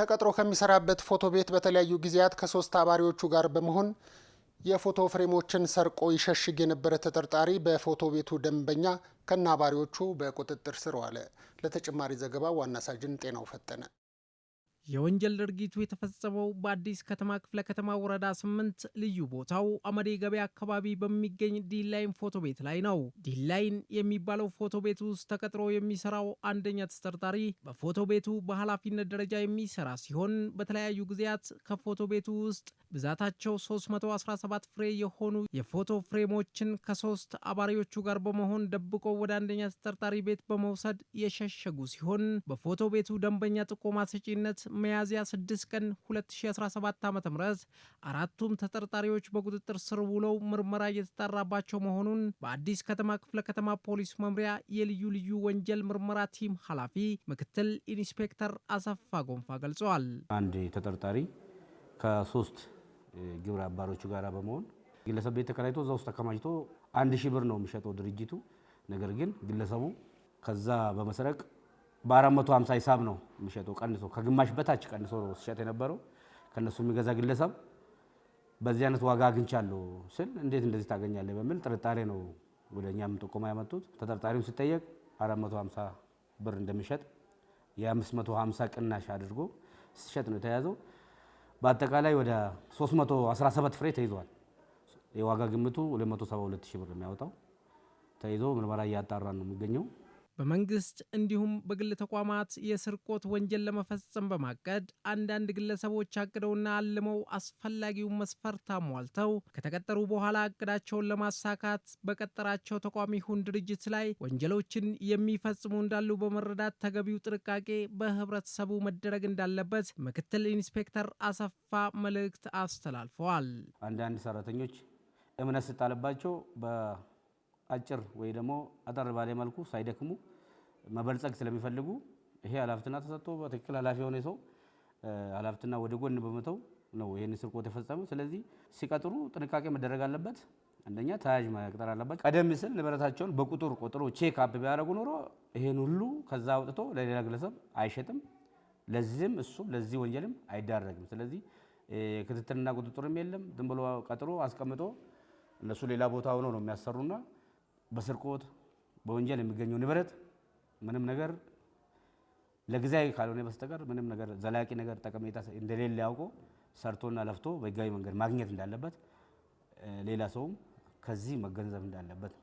ተቀጥሮ ከሚሰራበት ፎቶ ቤት በተለያዩ ጊዜያት ከሶስት አባሪዎቹ ጋር በመሆን የፎቶ ፍሬሞችን ሰርቆ ይሸሽግ የነበረ ተጠርጣሪ በፎቶ ቤቱ ደንበኛ ከነ አባሪዎቹ በቁጥጥር ስር ዋለ። ለተጨማሪ ዘገባ ዋና ሳጅን ጤናው ፈጠነ። የወንጀል ድርጊቱ የተፈጸመው በአዲስ ከተማ ክፍለ ከተማ ወረዳ ስምንት ልዩ ቦታው አመዴ ገበያ አካባቢ በሚገኝ ዲላይን ፎቶ ቤት ላይ ነው። ዲላይን የሚባለው ፎቶ ቤት ውስጥ ተቀጥሮ የሚሰራው አንደኛ ተጠርጣሪ በፎቶ ቤቱ በኃላፊነት ደረጃ የሚሰራ ሲሆን በተለያዩ ጊዜያት ከፎቶ ቤቱ ውስጥ ብዛታቸው 317 ፍሬ የሆኑ የፎቶ ፍሬሞችን ከሶስት አባሪዎቹ ጋር በመሆን ደብቆ ወደ አንደኛ ተጠርጣሪ ቤት በመውሰድ የሸሸጉ ሲሆን በፎቶ ቤቱ ደንበኛ ጥቆማ ሰጪነት ሚያዝያ 6 ቀን 2017 ዓ ም አራቱም ተጠርጣሪዎች በቁጥጥር ስር ውለው ምርመራ እየተጣራባቸው መሆኑን በአዲስ ከተማ ክፍለ ከተማ ፖሊስ መምሪያ የልዩ ልዩ ወንጀል ምርመራ ቲም ኃላፊ ምክትል ኢንስፔክተር አሰፋ ጎንፋ ገልጸዋል። አንድ ተጠርጣሪ ከሶስት ግብረ አባሮቹ ጋር በመሆን ግለሰብ ቤት ተከራይቶ እዛ ውስጥ ተከማችቶ አንድ ሺህ ብር ነው የሚሸጠው ድርጅቱ። ነገር ግን ግለሰቡ ከዛ በመስረቅ በ450 ሂሳብ ነው የሚሸጠው ቀንሶ ከግማሽ በታች ቀንሶ ነው ሲሸጥ የነበረው ከነሱ የሚገዛ ግለሰብ በዚህ አይነት ዋጋ አግኝቻለሁ ስል እንዴት እንደዚህ ታገኛለህ በሚል ጥርጣሬ ነው ወደ እኛም ጥቆማ ያመጡት። ተጠርጣሪውን ሲጠየቅ 450 ብር እንደሚሸጥ የ550 ቅናሽ አድርጎ ሲሸጥ ነው የተያዘው። በአጠቃላይ ወደ 317 ፍሬ ተይዟል። የዋጋ ግምቱ 272 ሺህ ብር የሚያወጣው ተይዞ ምርመራ እያጣራ ነው የሚገኘው። በመንግስት እንዲሁም በግል ተቋማት የስርቆት ወንጀል ለመፈጸም በማቀድ አንዳንድ ግለሰቦች አቅደውና አልመው አስፈላጊውን መስፈርት አሟልተው ከተቀጠሩ በኋላ እቅዳቸውን ለማሳካት በቀጠራቸው ተቋም ይሁን ድርጅት ላይ ወንጀሎችን የሚፈጽሙ እንዳሉ በመረዳት ተገቢው ጥንቃቄ በህብረተሰቡ መደረግ እንዳለበት ምክትል ኢንስፔክተር አሰፋ መልእክት አስተላልፈዋል። አንዳንድ ሰራተኞች እምነት ስጣለባቸው አጭር ወይ ደግሞ አጠር ባለ መልኩ ሳይደክሙ መበልጸግ ስለሚፈልጉ ይሄ ኃላፊትና ተሰጥቶ በትክክል ኃላፊ የሆነ ሰው ኃላፊትና ወደ ጎን በመተው ነው ይህን ስርቆት የፈጸመው። ስለዚህ ሲቀጥሩ ጥንቃቄ መደረግ አለበት። አንደኛ ተያዥ መቅጠር አለባቸው። ቀደም ሲል ንብረታቸውን በቁጥር ቆጥሮ ቼክ አፕ ቢያደረጉ ኖሮ ይህን ሁሉ ከዛ አውጥቶ ለሌላ ግለሰብ አይሸጥም፣ ለዚህም እሱም ለዚህ ወንጀልም አይዳረግም። ስለዚህ ክትትልና ቁጥጥርም የለም። ዝም ብሎ ቀጥሮ አስቀምጦ እነሱ ሌላ ቦታ ሆኖ ነው የሚያሰሩና በስርቆት በወንጀል የሚገኘው ንብረት ምንም ነገር ለጊዜያዊ ካልሆነ በስተቀር ምንም ነገር ዘላቂ ነገር ጠቀሜታ እንደሌለ ያውቆ ሰርቶና ለፍቶ በህጋዊ መንገድ ማግኘት እንዳለበት ሌላ ሰውም ከዚህ መገንዘብ እንዳለበት